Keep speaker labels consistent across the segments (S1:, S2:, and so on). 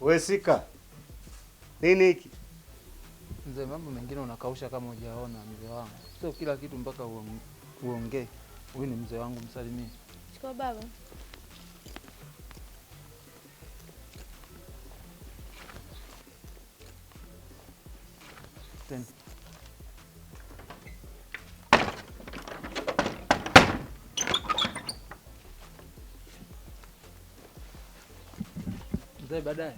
S1: Wesika nini hiki
S2: mzee? Mambo mengine unakausha kama hujaona mzee wangu, sio kila kitu mpaka uongee. Huyu ni mzee wangu, msalimie. Chukua baba. Ten. Mzee baadaye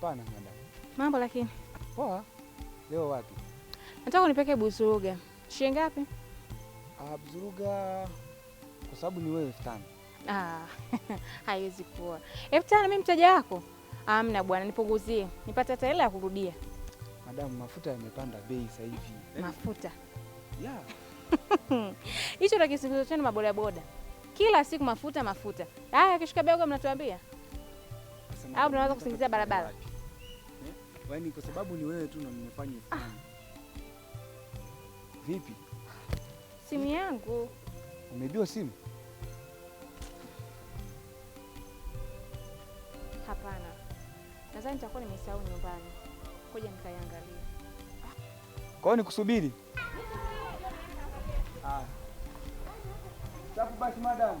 S2: Hapana madam. Mambo lakini poa. Leo wapi?
S3: Nataka unipeke buzuruga. Shilingi ngapi?
S2: Ah, buzuruga kwa sababu ni wewe elfu tano.
S3: Ah, haiwezi kuwa elfu tano mimi mteja wako? Amna bwana, nipunguzie nipate hata hela ya kurudia.
S2: Madamu, mafuta yamepanda bei sasa hivi.
S3: Mafuta hicho ndio kisingizio chenu mabodaboda boda, kila siku mafuta mafuta. Haya, akishuka bego mnatuambia au mnaweza kusingizia barabara?
S2: yaani kwa sababu ni wewe tu na nimefanya ah. Vipi
S3: simu yangu umeibiwa? Simu? Hapana, nadhani nitakuwa nimesahau nyumbani, koja nikaiangalia.
S2: Kwa hiyo nikusubiri? Ah, safi basi, madamu.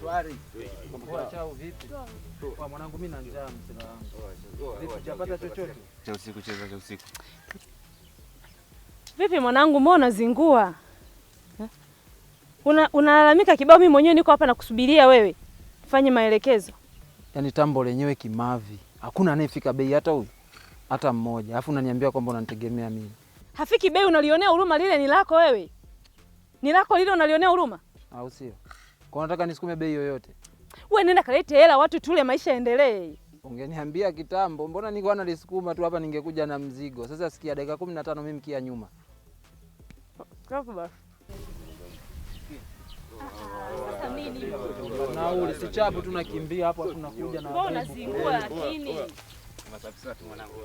S4: Shwari. chao vipi? Kwa mwanangu mimi na njaa wangu. Vipi chochote?
S5: Cha usiku cheza cha usiku.
S3: Vipi mwanangu, mbona unazingua? Una unalalamika kibao, mimi mwenyewe niko hapa nakusubiria wewe. Fanye maelekezo.
S2: Yaani tambo lenyewe kimavi. Hakuna anayefika bei hata huyu. Hata mmoja. Alafu unaniambia kwamba unanitegemea mimi.
S3: Hafiki bei unalionea huruma, lile ni lako wewe. Ni lako lile unalionea huruma?
S2: Au sio? Kwa nataka nisukume bei yoyote?
S3: Wewe nenda kalete hela watu tule, maisha yaendelee.
S2: Ungeniambia kitambo, mbona nilikuwa nalisukuma tu hapa, ningekuja na mzigo. Sasa sikia, dakika kumi na tano mimi kia nyuma nauli si tunakimbia hapo, tunakuja na
S3: unazingua. Lakini mwanangu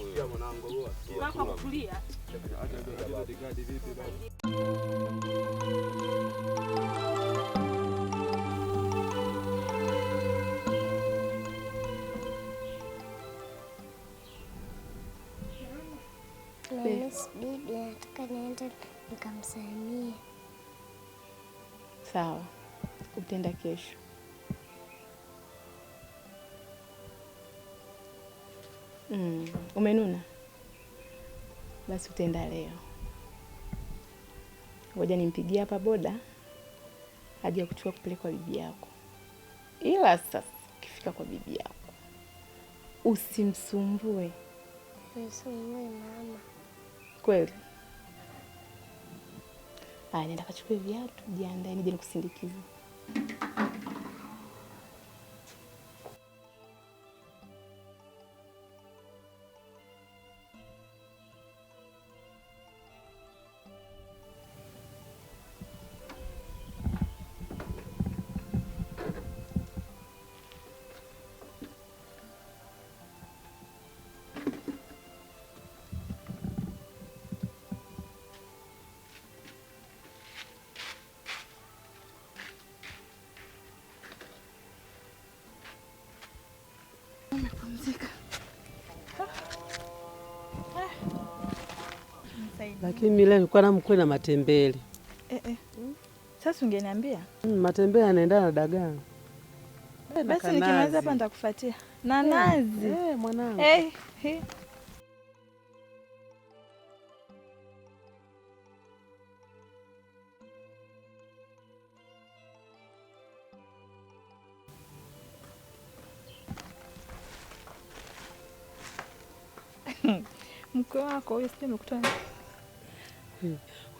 S3: Tulia mwanangu.
S6: basi utaenda leo. Ngoja nimpigie hapa boda aje kuchukua kupeleka kwa bibi yako. Ila sasa ukifika kwa bibi yako usimsumbue.
S7: Usimsumbue mama.
S6: Kweli? Aya, nenda kachukue viatu, jiandae nije nikusindikize.
S8: lakini mimi nilikuwa na matembele.
S3: Eh, eh. Hmm? Sasa ungeniambia?
S8: Mm, matembele anaenda na dagaa.
S3: Eh, Basi nikimaliza hapa nitakufuatia na eh, nazi. Eh, mwanangu. Eh, Mkwe wako huyo sijui amekutana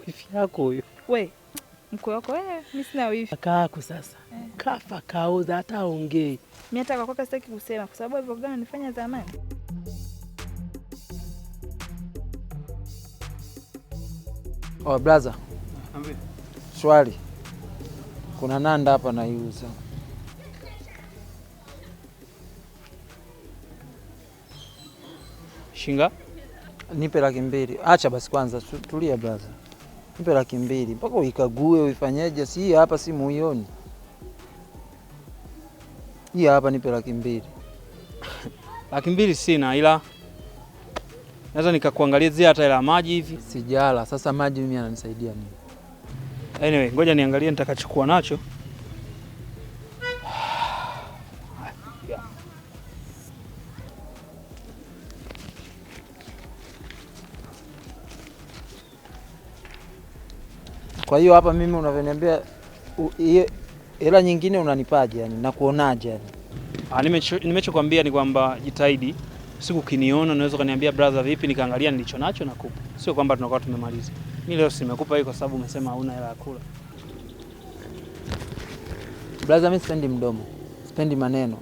S8: wifi yako huyo.
S3: We mkwe wako wewe, eh, mi sina wifi.
S8: Kaako sasa eh, kafa kaoza, hata aongei.
S3: mi hata kwa kwako sitaki kusema, kwa sababu hivyo nifanya zamani
S8: Oh, brother. Ambe. Swali. Kuna nanda hapa naiuza. Shinga? nipe laki mbili. Acha basi kwanza, tulia brother, nipe laki mbili mpaka uikague uifanyeje. Si hii hapa, si muioni hii hapa? Nipe laki mbili.
S9: laki mbili sina, ila naweza nikakuangalizia hata ila maji hivi.
S8: Sijala sasa maji mimi ananisaidia nini?
S9: Anyway, ngoja niangalie nitakachukua nacho.
S8: Kwa hiyo hapa mimi unavyoniambia hela nyingine unanipaje yani, kuonaje yani?
S9: Ah, nimechokwambia ni kwamba jitahidi siku kiniona unaweza kaniambia brother, vipi, nikaangalia nilicho nacho nakupa. Sio kwamba tunakuwa tumemaliza. Mimi leo simekupa hii kwa sababu umesema hauna hela ya kula.
S8: Brother, mimi sipendi mdomo, sipendi maneno,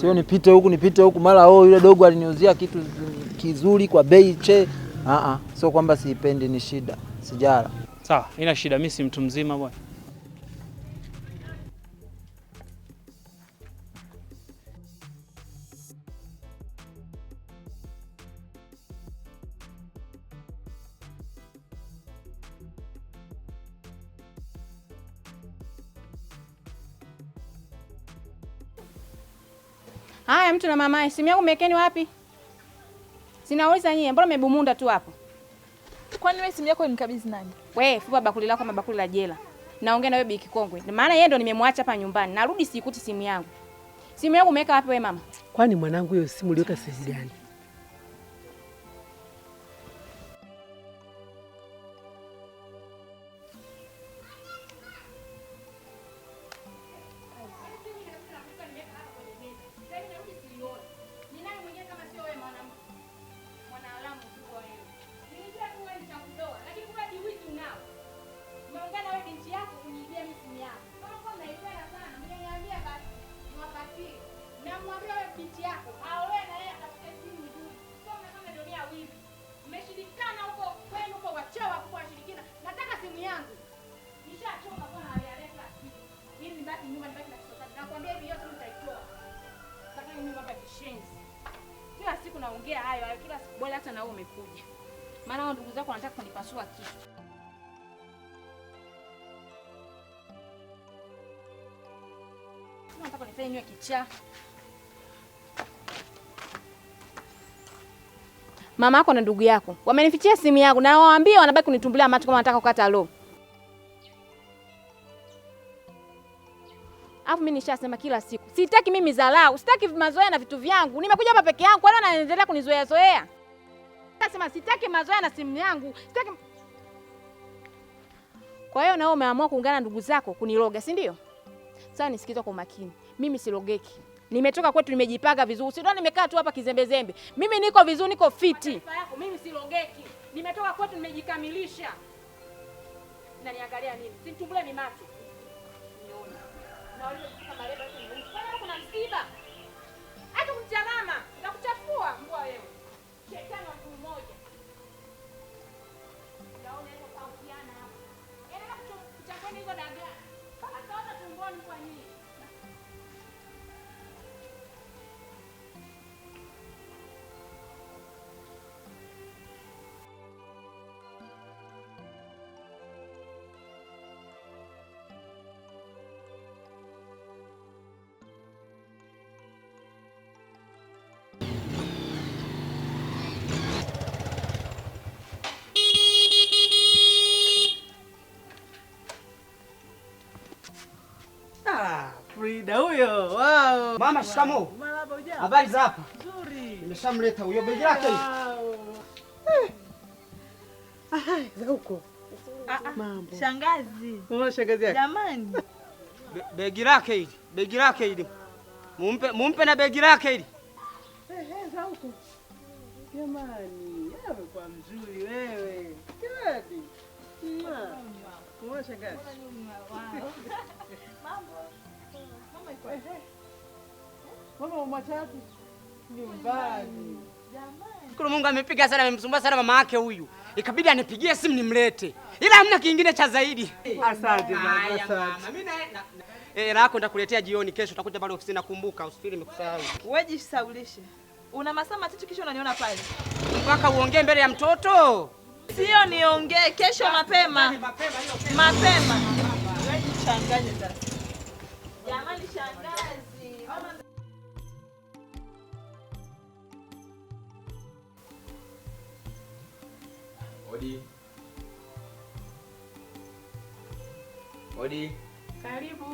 S8: sio nipite huku nipite huku, mara oh, yule dogo aliniuzia kitu kizuri kwa bei che. Ah ah, sio kwamba siipendi, ni shida, sijala
S9: Sawa, ina shida, mimi si mtu mzima bwana.
S3: Haya, mtu na mamae simu yangu mekeni wapi? Sinauliza nyie, mbona mebumunda tu hapo? Kwani wewe simu yako imkabidhi nani? wewe fupa bakuli lako ama bakuli la jela. Naongea na wewe Bi Kikongwe. Maana yeye ndo nimemwacha hapa nyumbani. Narudi sikuti simu yangu. Simu yangu umeweka wapi wewe mama?
S8: Kwani mwanangu hiyo simu uliweka sehemu gani?
S10: binti yako aolewe ah, na yeye akafike simu nzuri, sio kama dunia wivu. Mmeshirikana huko kwenu huko, wachawa kwa washirikina. Nataka simu yangu, nishachoka kwa hali ya leo. Mimi nibaki nyuma, nibaki na kisasa. Nakwambia hivi yote nitaitoa, lakini mimi baba kishenzi, kila siku naongea hayo hayo, kila siku. Bora hata na wewe umekuja, maana hao ndugu zako wanataka kunipasua kichwa. Nataka nifanye niwe kichaa.
S3: mama yako na ndugu yako wamenifichia simu yangu na waambie, wanabaki kunitumbulia macho kama wanataka kukata roho. Alafu mimi nishasema kila siku, sitaki mimi dharau, sitaki mazoea na vitu vyangu. Nimekuja hapa peke yangu, kwani anaendelea kunizoea zoea? Nasema sitaki mazoea na simu yangu, sitaki. Kwa hiyo wewe umeamua kuungana na ndugu zako kuniroga, si ndio? Sasa nisikiza kwa umakini mimi sirogeki. Nimetoka kwetu nimejipanga vizuri. Sio nimekaa tu hapa kizembezembe. Mimi niko vizuri, niko fiti.
S10: Mimi silogeki. Nimetoka kwetu nimejikamilisha. Na niangalia nini? Simtumbule ni macho. Nione. Na wale kama leo kuna msiba. Hata kumtia mama, nitakuchafua mbwa wewe.
S11: Dawida huyo. Wow. Mama, shikamoo. Habari za hapa? Nzuri. Nimeshamleta huyo begi lake.
S12: Za huko. Ah, ah. Mambo.
S13: Shangazi.
S11: Mama, shangazi yake? Jamani. Begi lake hili. Begi lake hili. Mumpe, mumpe na begi lake hili.
S12: Eh, eh, za huko. Jamani, kwa mzuri wewe. Mama. Mama, shangazi? Mama Matatu nyumbani.
S11: Shukuru Mungu amepiga sana, amemsumbua sana mama yake huyu, ikabidi anipigie simu nimlete, ila hamna kingine cha zaidi.
S12: Asante
S13: mama, mimi na
S11: hela yako eh, nitakuletea jioni kesho, utakuja pale ofisini. Nakumbuka, usifiri nimekusahau.
S13: Wewe jisaulishe, una masaa matatu, kisha unaniona pale
S11: mpaka uongee mbele ya mtoto.
S13: Sio niongee kesho mapema mapema,
S12: wewe jichanganye sasa
S13: Jamani shangazi.
S14: Odi. Odi. Karibu.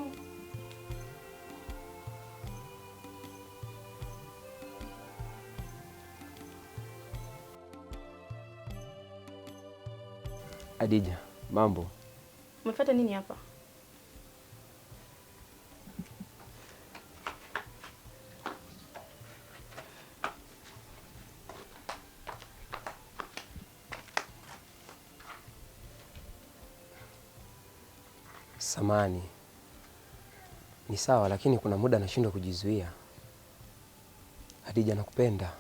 S14: Adija, mambo.
S15: Umefuata nini hapa?
S14: Samani ni sawa, lakini kuna muda nashindwa kujizuia. Hadija, nakupenda.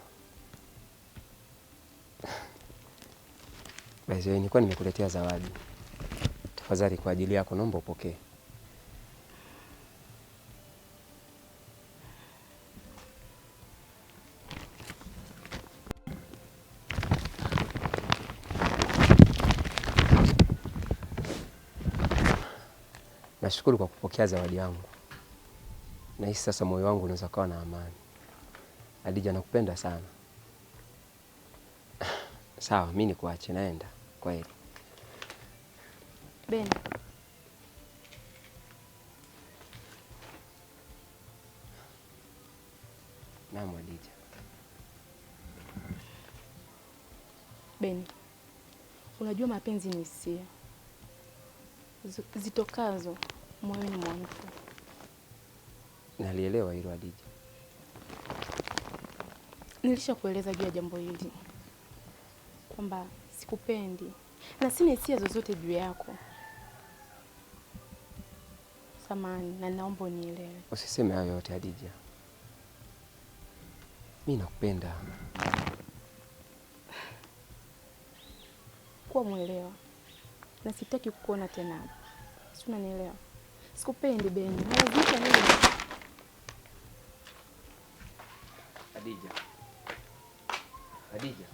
S14: By the way, nilikuwa nimekuletea zawadi, tafadhali, kwa ajili yako naomba upokee. Nashukuru kwa kupokea zawadi yangu, na hisi sasa moyo wangu unaweza kuwa na amani. Adija, nakupenda sana. Sawa, mimi nikuache, naenda. Kwa heri Ben. Naam Adija.
S15: Ben, unajua mapenzi ni hisia zitokazo moyoni ni mtu.
S14: Nalielewa hilo Hadija.
S15: Nilishakueleza juu ya jambo hili kwamba sikupendi na sina hisia zozote juu yako. samani na naomba unielewe.
S14: Usiseme hayo yote Hadija, mi nakupenda.
S15: Kuwa mwelewa na sitaki kukuona tena, si unanielewa? Sikupendi Beni. Lazima nini?
S14: Hadija. Hadija.